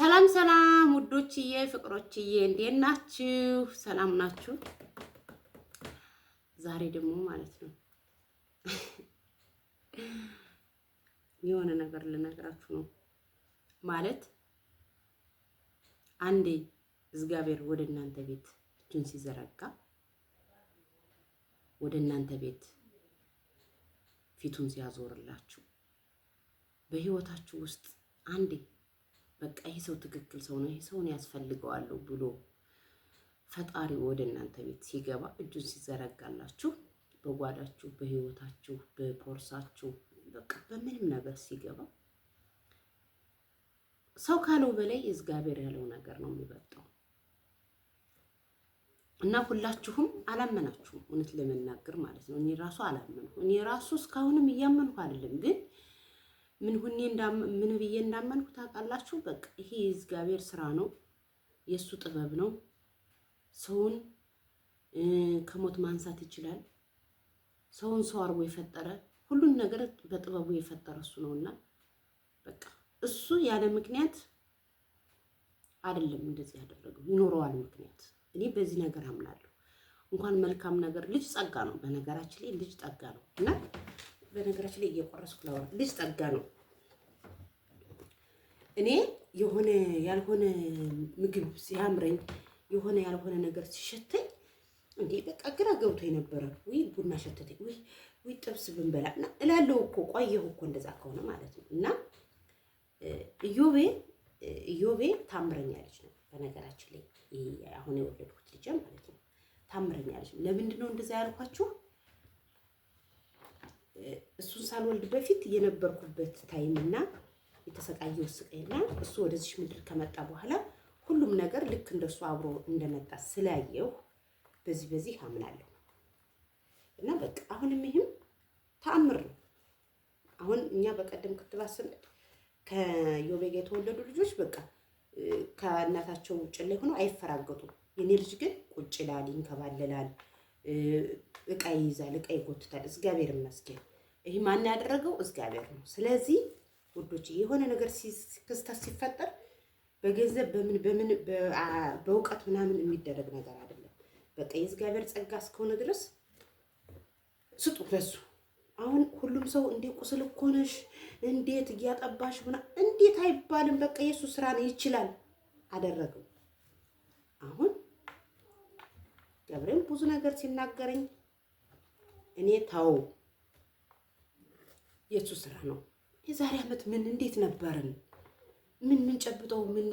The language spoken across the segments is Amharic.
ሰላም ሰላም ውዶችዬ ፍቅሮችዬ እንዴት ናችሁ? ሰላም ናችሁ? ዛሬ ደግሞ ማለት ነው የሆነ ነገር ልነግራችሁ ነው። ማለት አንዴ እግዚአብሔር ወደ እናንተ ቤት እጁን ሲዘረጋ ወደ እናንተ ቤት ፊቱን ሲያዞርላችሁ በህይወታችሁ ውስጥ አንዴ በቃ ይህ ሰው ትክክል ሰው ነው፣ ይህ ሰውን ያስፈልገዋለሁ ብሎ ፈጣሪ ወደ እናንተ ቤት ሲገባ እጁን ሲዘረጋላችሁ በጓዳችሁ፣ በህይወታችሁ፣ በፖርሳችሁ በቃ በምንም ነገር ሲገባ ሰው ካለው በላይ እግዚአብሔር ያለው ነገር ነው የሚበልጠው። እና ሁላችሁም አላመናችሁም፣ እውነት ለመናገር ማለት ነው። እኔ ራሱ አላመንኩ። እኔ ራሱ እስካሁንም እያመንሁ አይደለም ግን ምን ሁኔ ምን ብዬ እንዳመንኩ ታውቃላችሁ? በቃ ይሄ የእግዚአብሔር ስራ ነው፣ የእሱ ጥበብ ነው። ሰውን ከሞት ማንሳት ይችላል። ሰውን ሰው አርቦ የፈጠረ ሁሉን ነገር በጥበቡ የፈጠረ እሱ ነውና በቃ እሱ ያለ ምክንያት አይደለም እንደዚህ ያደረገው፣ ይኖረዋል ምክንያት። እኔ በዚህ ነገር አምናለሁ። እንኳን መልካም ነገር ልጅ ጸጋ ነው። በነገራችን ላይ ልጅ ጸጋ ነው እና በነገራችን ላይ እየቆረስኩ ላወራ ልጅ ጠጋ ነው። እኔ የሆነ ያልሆነ ምግብ ሲያምረኝ የሆነ ያልሆነ ነገር ሲሸተኝ እንዴ በቃ ግራ ገብቶ የነበረ ወይ ቡና ሸተተኝ፣ ወይ ወይ ጥብስ ብንበላ እና እላለሁ እኮ ቆየሁ እኮ እንደዛ ከሆነ ማለት ነው። እና እዮቤ እዮቤ ታምረኛ ልጅ ነው በነገራችን ላይ አሁን የወለድኩት ልጅ ማለት ነው። ታምረኛ ልጅ ነው። ለምንድን ነው እንደዛ ያልኳችሁ? እሱን ሳልወልድ በፊት የነበርኩበት ታይም እና የተሰቃየው ስቃይና እሱ ወደዚች ምድር ከመጣ በኋላ ሁሉም ነገር ልክ እንደሱ አብሮ እንደመጣ ስላየሁ በዚህ በዚህ አምናለሁ እና በቃ አሁንም ይህም ተአምር ነው። አሁን እኛ በቀደም ክትባት ስን ከዮቤ የተወለዱ ልጆች በቃ ከእናታቸው ውጭ ላይ ሆነው አይፈራገጡም። የኔ ልጅ ግን ቁጭ ይላል፣ ይንከባለላል። እቃ ይይዛል፣ እቃ ይጎትታል። እግዚአብሔር ይመስገን። ይህ ማን ያደረገው? እግዚአብሔር ነው። ስለዚህ ውዶች የሆነ ነገር ክስተት ሲፈጠር በገንዘብ በምን በምን በእውቀት ምናምን የሚደረግ ነገር አይደለም። በቃ የእግዚአብሔር ጸጋ እስከሆነ ድረስ ስጡ በሱ። አሁን ሁሉም ሰው እንዴ ቁስል እኮ ነሽ እንዴት እያጠባሽ ሆና እንዴት አይባልም። በቃ የሱ ስራ ነው፣ ይችላል። አደረገው ገብርኤል ብዙ ነገር ሲናገረኝ እኔ ታው የእሱ ስራ ነው። የዛሬ ዓመት ምን እንዴት ነበርን? ምን ምን ጨብጠው ምን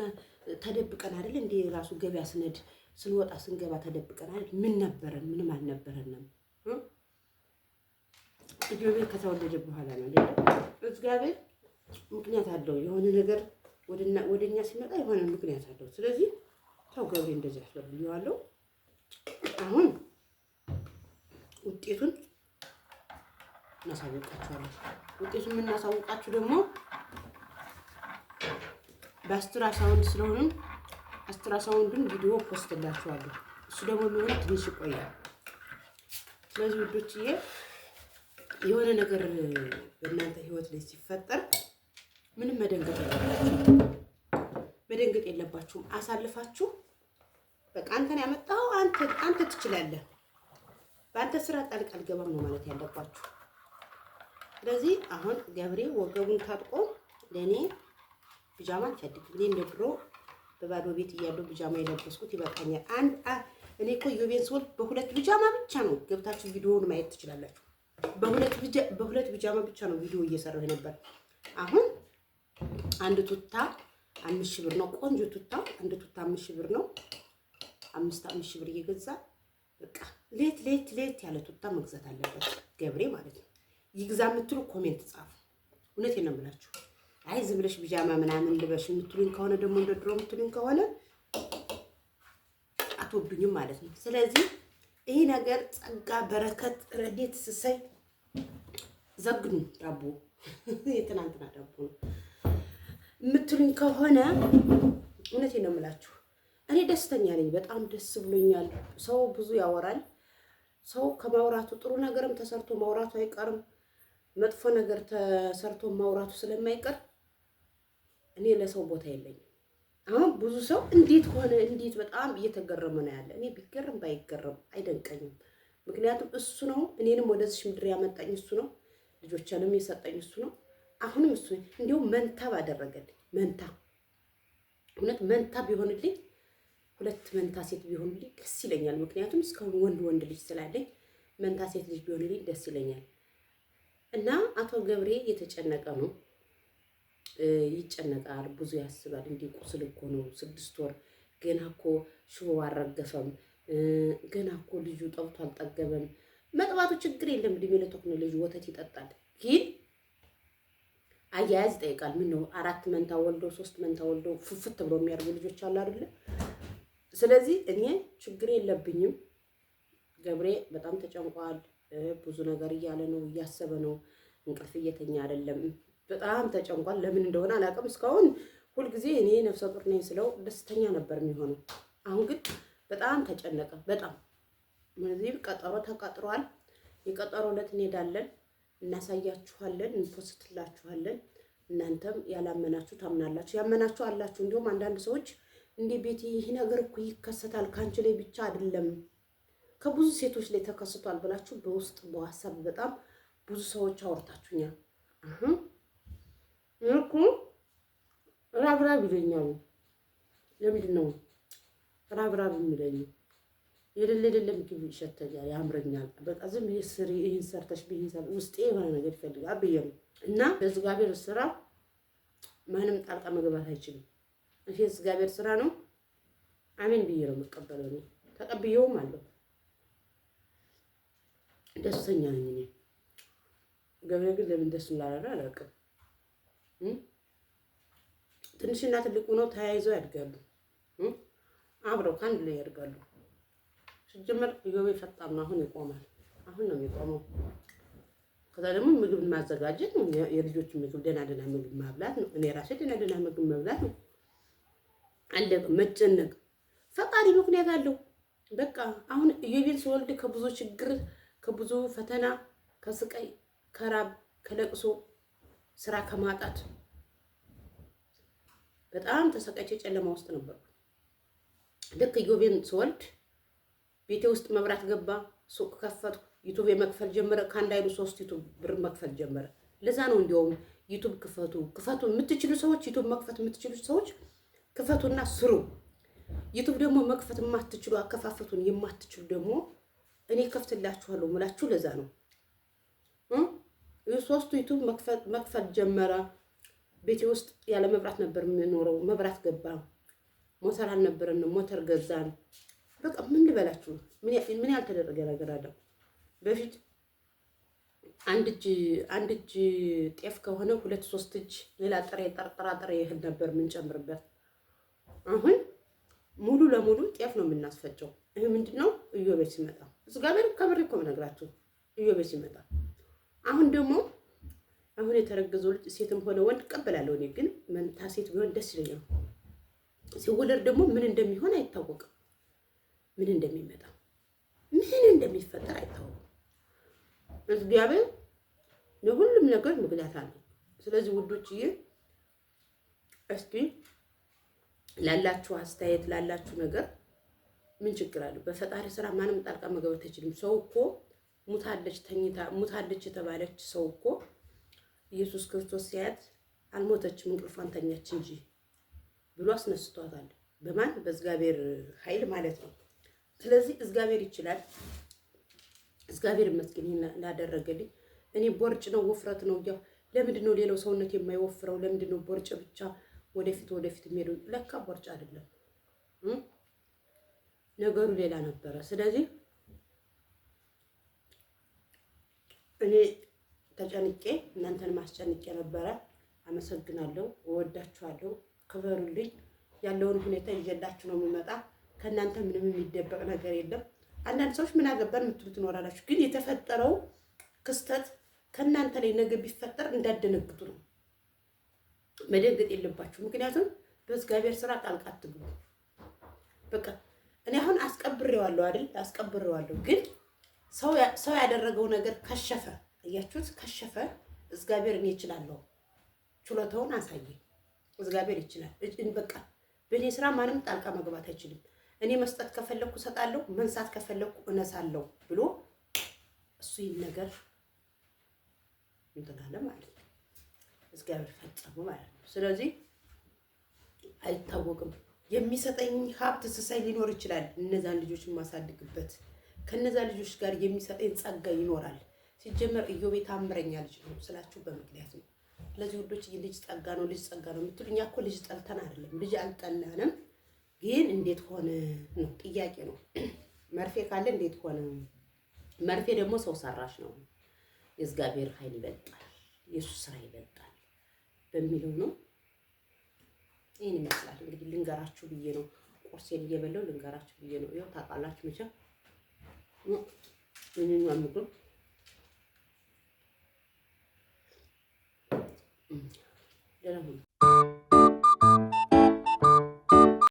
ተደብቀን አይደል እንዴ? ራሱ ገበያ ስነድ ስንወጣ ስንገባ ተደብቀን አይደል? ምን ነበረን? ምንም አልነበረንም። እግዚአብሔር ከተወለደ በኋላ ነው እግዚአብሔር ምክንያት አለው። የሆነ ነገር ወደኛ ሲመጣ የሆነ ምክንያት አለው። ስለዚህ ተው ገብሬ እንደዚህ ይዋለው አሁን ውጤቱን እናሳውቃችኋለን። ውጤቱን የምናሳውቃችሁ ደግሞ በአስትራ ሳውንድ ስለሆነም አስትራ ሳውንድን ቪዲዮ ፖስትላችኋለሁ። እሱ ደግሞ የሚሆን ትንሽ ይቆያል። ስለዚህ ውዶችዬ የሆነ ነገር በእናንተ ህይወት ላይ ሲፈጠር ምንም መደንገጥ የለባችሁም። መደንገጥ የለባችሁም። አሳልፋችሁ በቃ አንተን ያመጣው አንተ ትችላለህ፣ በአንተ ስራ ጣልቃ አልገባም ነው ማለት ያለባችሁ። ስለዚህ አሁን ገብሬ ወገቡን ታጥቆ ለእኔ ብጃማ አልፈልግም። እኔ እንደ ድሮ በባዶ ቤት እያለሁ ቢጃማ የለበስኩት ይበቃኛል። አንድ እኔ እኮ ዮቤን ስወል በሁለት ቢጃማ ብቻ ነው ገብታችሁ ቪዲዮውን ማየት ትችላላችሁ። በሁለት ቢጃማ ብቻ ነው ቪዲዮ እየሰራሁ ነበር። አሁን አንድ ቱታ አምስት ሺህ ብር ነው። ቆንጆ ቱታ አንድ ቱታ አምስት ሺህ ብር ነው። አምስት አምስት ሺህ ብር እየገዛ በቃ ሌት ሌት ሌት ያለ ቱታ መግዛት አለበት ገብሬ ማለት ነው። ይግዛ የምትሉ ኮሜንት ጻፉ። እውነቴን ነው የምላችሁ። አይ ዝም ብለሽ ብጃማ ምናምን ልበሽ የምትሉኝ ከሆነ ደግሞ እንደ ድሮ የምትሉኝ ከሆነ አትወዱኝም ማለት ነው። ስለዚህ ይህ ነገር ጸጋ፣ በረከት፣ ረዴት ስሰይ ዘግኑ ዳቦ የትናንትና ዳቦ ነው የምትሉኝ ከሆነ እውነቴን ነው የምላችሁ እኔ ደስተኛ ነኝ። በጣም ደስ ብሎኛል። ሰው ብዙ ያወራል። ሰው ከማውራቱ ጥሩ ነገርም ተሰርቶ ማውራቱ አይቀርም። መጥፎ ነገር ተሰርቶ ማውራቱ ስለማይቀር እኔ ለሰው ቦታ የለኝም። አሁን ብዙ ሰው እንዴት ሆነ እንዴት በጣም እየተገረመ ነው ያለ። እኔ ቢገረም ባይገረም አይደንቀኝም። ምክንያቱም እሱ ነው እኔንም ወደዚህ ምድር ያመጣኝ እሱ ነው። ልጆችንም የሰጠኝ እሱ ነው። አሁንም እሱ እንዲሁም መንታ ባደረገልኝ መንታ እውነት መንታ ቢሆንልኝ ሁለት መንታ ሴት ቢሆኑልኝ ደስ ይለኛል። ምክንያቱም እስካሁን ወንድ ወንድ ልጅ ስላለኝ መንታ ሴት ልጅ ቢሆንልኝ ደስ ይለኛል። እና አቶ ገብሬ እየተጨነቀ ነው፣ ይጨነቃል፣ ብዙ ያስባል። እንዲህ ቁስል እኮ ነው፣ ስድስት ወር ገና እኮ ሽቦ አልረገፈም፣ ገና እኮ ልጁ ጠብቶ አልጠገበም። መጥባቱ ችግር የለም እድሜ ለተኩነ ወተት ይጠጣል። ግን አያያዝ ይጠይቃል። ምን ነው አራት መንታ ወልደው ሶስት መንታ ወልደው ፍፍት ብሎ የሚያደርጉ ልጆች አሉ አይደለም? ስለዚህ እኔ ችግር የለብኝም። ገብሬ በጣም ተጨንቋል። ብዙ ነገር እያለ ነው፣ እያሰበ ነው። እንቅልፍ እየተኛ አይደለም። በጣም ተጨንቋል። ለምን እንደሆነ አላውቅም። እስካሁን ሁልጊዜ እኔ ነፍሰ ጡር ነኝ ስለው ደስተኛ ነበር የሚሆነው። አሁን ግን በጣም ተጨነቀ። በጣም ምንዚህ ቀጠሮ ተቀጥሯል። የቀጠሮ ዕለት እንሄዳለን፣ እናሳያችኋለን፣ እንፖስትላችኋለን። እናንተም ያላመናችሁ ታምናላችሁ፣ ያመናችሁ አላችሁ። እንዲሁም አንዳንድ ሰዎች እንዴ ቤት ይህ ነገር እኮ ይከሰታል፣ ከአንቺ ላይ ብቻ አይደለም ከብዙ ሴቶች ላይ ተከስቷል ብላችሁ በውስጥ በዋሳብ በጣም ብዙ ሰዎች አወርታችሁኛል እኮ ራብራብ ይለኛሉ። ለምንድን ነው ራብራብ የሚለኝ? የሌለ የሌለ ምግብ ይሸተኛል፣ ያምረኛል። በቃ ዝም ብዬ ስሪ፣ ይህን ሰርተሽ ብይን ሰር ውስጤ የሆነ ነገር ይፈልጋል ብዬ ነው እና በእግዚአብሔር ስራ ማንም ጣልቃ መግባት አይችልም። ይሄ እግዚአብሔር ስራ ነው። አሜን ብዬ ነው የምቀበለው። እኔ ተቀብዬውም አለው። ደስተኛ ነኝ። እኔ ገብረ ግን ለምን ደስ እንዳላለ አላውቅም። ትንሽና ትልቁ ነው ተያይዘው ያድጋሉ። አብረው ከአንድ ላይ ያድጋሉ። ሲጀመር ኢዮቤ ፈጣን ነው። አሁን ይቆማል። አሁን ነው የሚቆመው። ከዛ ደግሞ ምግብ ማዘጋጀት ነው። የልጆች ምግብ ደህና ደህና ምግብ ማብላት ነው። እኔ ራሴ ደህና ደህና ምግብ መብላት ነው። አለቅ መጨነቅ ፈጣሪ ምክንያት አለው። በቃ አሁን ኢዮቤል ስወልድ ከብዙ ችግር ከብዙ ፈተና ከስቃይ ከራብ ከለቅሶ ስራ ከማጣት በጣም ተሰቃይቼ ጨለማ ውስጥ ነበርኩ። ልክ ኢዮቤል ሲወልድ ቤቴ ውስጥ መብራት ገባ። ሱቅ ከፈትኩ። ዩቱብ መክፈል ጀመረ። ከአንድ አይሉ ሶስት ዩቱብ ብር መክፈል ጀመረ። ለዛ ነው እንዲያውም ዩቱብ ክፈቱ ክፈቱ የምትችሉ ሰዎች ዩቱብ መክፈት የምትችሉ ሰዎች ክፈቱና ስሩ። ዩቱብ ደግሞ መክፈት የማትችሉ አከፋፈቱን የማትችሉ ደግሞ እኔ ከፍትላችኋለሁ ምላችሁ ለዛ ነው። ሶስቱ ዩቱብ መክፈት ጀመረ። ቤቴ ውስጥ ያለ መብራት ነበር የምኖረው። መብራት ገባ፣ ሞተር አልነበረንም፣ ሞተር ገዛን። በቃ ምን ልበላችሁ፣ ምን ያልተደረገ ነገር አለ? በፊት አንድ እጅ አንድ እጅ ጤፍ ከሆነ ሁለት ሶስት እጅ ሌላ ጥሬ ጥራጥሬ እህል ነበር የምንጨምርበት አሁን ሙሉ ለሙሉ ጤፍ ነው የምናስፈጨው። ይህ ምንድን ነው? እዮቤት ሲመጣ እሱ ጋር ከብር እኮ ነግራችሁ እዮቤት ሲመጣ አሁን ደግሞ አሁን የተረገዘው ልጅ ሴትም ሆነ ወንድ እቀበላለሁ እኔ ግን መንታ ሴት ቢሆን ደስ ይለኛል። ሲወለድ ደግሞ ምን እንደሚሆን አይታወቅም። ምን እንደሚመጣ ምን እንደሚፈጠር አይታወቅም። እግዚአብሔር ለሁሉም ነገር ምክንያት አለው። ስለዚህ ውዶችዬ እስኪ ላላችሁ አስተያየት፣ ላላችሁ ነገር ምን ችግር አለው? በፈጣሪ ስራ ማንም ጣልቃ መገበት አይችልም። ሰው እኮ ሙታለች ተኝታ ሙታለች የተባለች ሰው እኮ ኢየሱስ ክርስቶስ ሲያያት አልሞተችም እንቅልፏን ተኛች እንጂ ብሎ አስነስቷታል። በማን በእግዚአብሔር ኃይል ማለት ነው። ስለዚህ እግዚአብሔር ይችላል። እግዚአብሔር ይመስገን ላደረገልኝ። እኔ ቦርጭ ነው ውፍረት ነው እያው ለምንድን ነው ሌላው ሰውነት የማይወፍረው? ለምንድን ነው ቦርጭ ብቻ ወደፊት ወደፊት የሚሄደው ለካ ቦርጭ አይደለም ነገሩ ሌላ ነበረ። ስለዚህ እኔ ተጨንቄ እናንተን ማስጨንቄ ነበረ። አመሰግናለሁ። እወዳችኋለሁ። ክበሩልኝ። ያለውን ሁኔታ ይዤላችሁ ነው የምመጣ። ከእናንተ ምንም የሚደበቅ ነገር የለም። አንዳንድ ሰዎች ምን አገባን የምትሉ ትኖራላችሁ። ግን የተፈጠረው ክስተት ከእናንተ ላይ ነገ ቢፈጠር እንዳደነግጡ ነው። መደንገጥ የለባችሁ። ምክንያቱም በእግዚአብሔር ስራ ጣልቃ አትግቡ። በቃ እኔ አሁን አስቀብሬዋለሁ አይደል? አስቀብሬዋለሁ ግን ሰው ያደረገው ነገር ከሸፈ፣ እያችሁት ከሸፈ፣ እግዚአብሔር እኔ እችላለሁ፣ ችሎታውን አሳየ፣ እግዚአብሔር ይችላል። በቃ በእኔ ስራ ማንም ጣልቃ መግባት አይችልም። እኔ መስጠት ከፈለኩ እሰጣለሁ፣ መንሳት ከፈለኩ እነሳለሁ ብሎ እሱ ይህን ነገር እንትን አለ ማለት ነው። እግዚአብሔር ፈጸሙ ማለት ነው። ስለዚህ አይታወቅም። የሚሰጠኝ ሀብት ስሳይ ሊኖር ይችላል። እነዛን ልጆች የማሳድግበት ከነዛ ልጆች ጋር የሚሰጠኝ ጸጋ ይኖራል። ሲጀመር እዮቤ ታምረኛ ልጅ ነው ስላችሁ በምክንያት ነው። ስለዚህ ውዶች ልጅ ጸጋ ነው፣ ልጅ ጸጋ ነው የምትሉ እኛ እኮ ልጅ ጠልተን አይደለም፣ ልጅ አልጠላንም። ግን እንዴት ሆነ ነው ጥያቄ ነው። መርፌ ካለ እንዴት ሆነ? መርፌ ደግሞ ሰው ሰራሽ ነው። የእግዚአብሔር ኃይል ይበልጣል፣ የሱስ ስራ ይበልጣል። በሚለው ነው። ይህን ይመስላል እንግዲህ ልንገራችሁ ብዬ ነው። ቁርሴን እየበላሁ ልንገራችሁ ብዬ ነው። ያው ታውቃላችሁ መቼም ምንኛ ምግብ ደህና ሁኑ።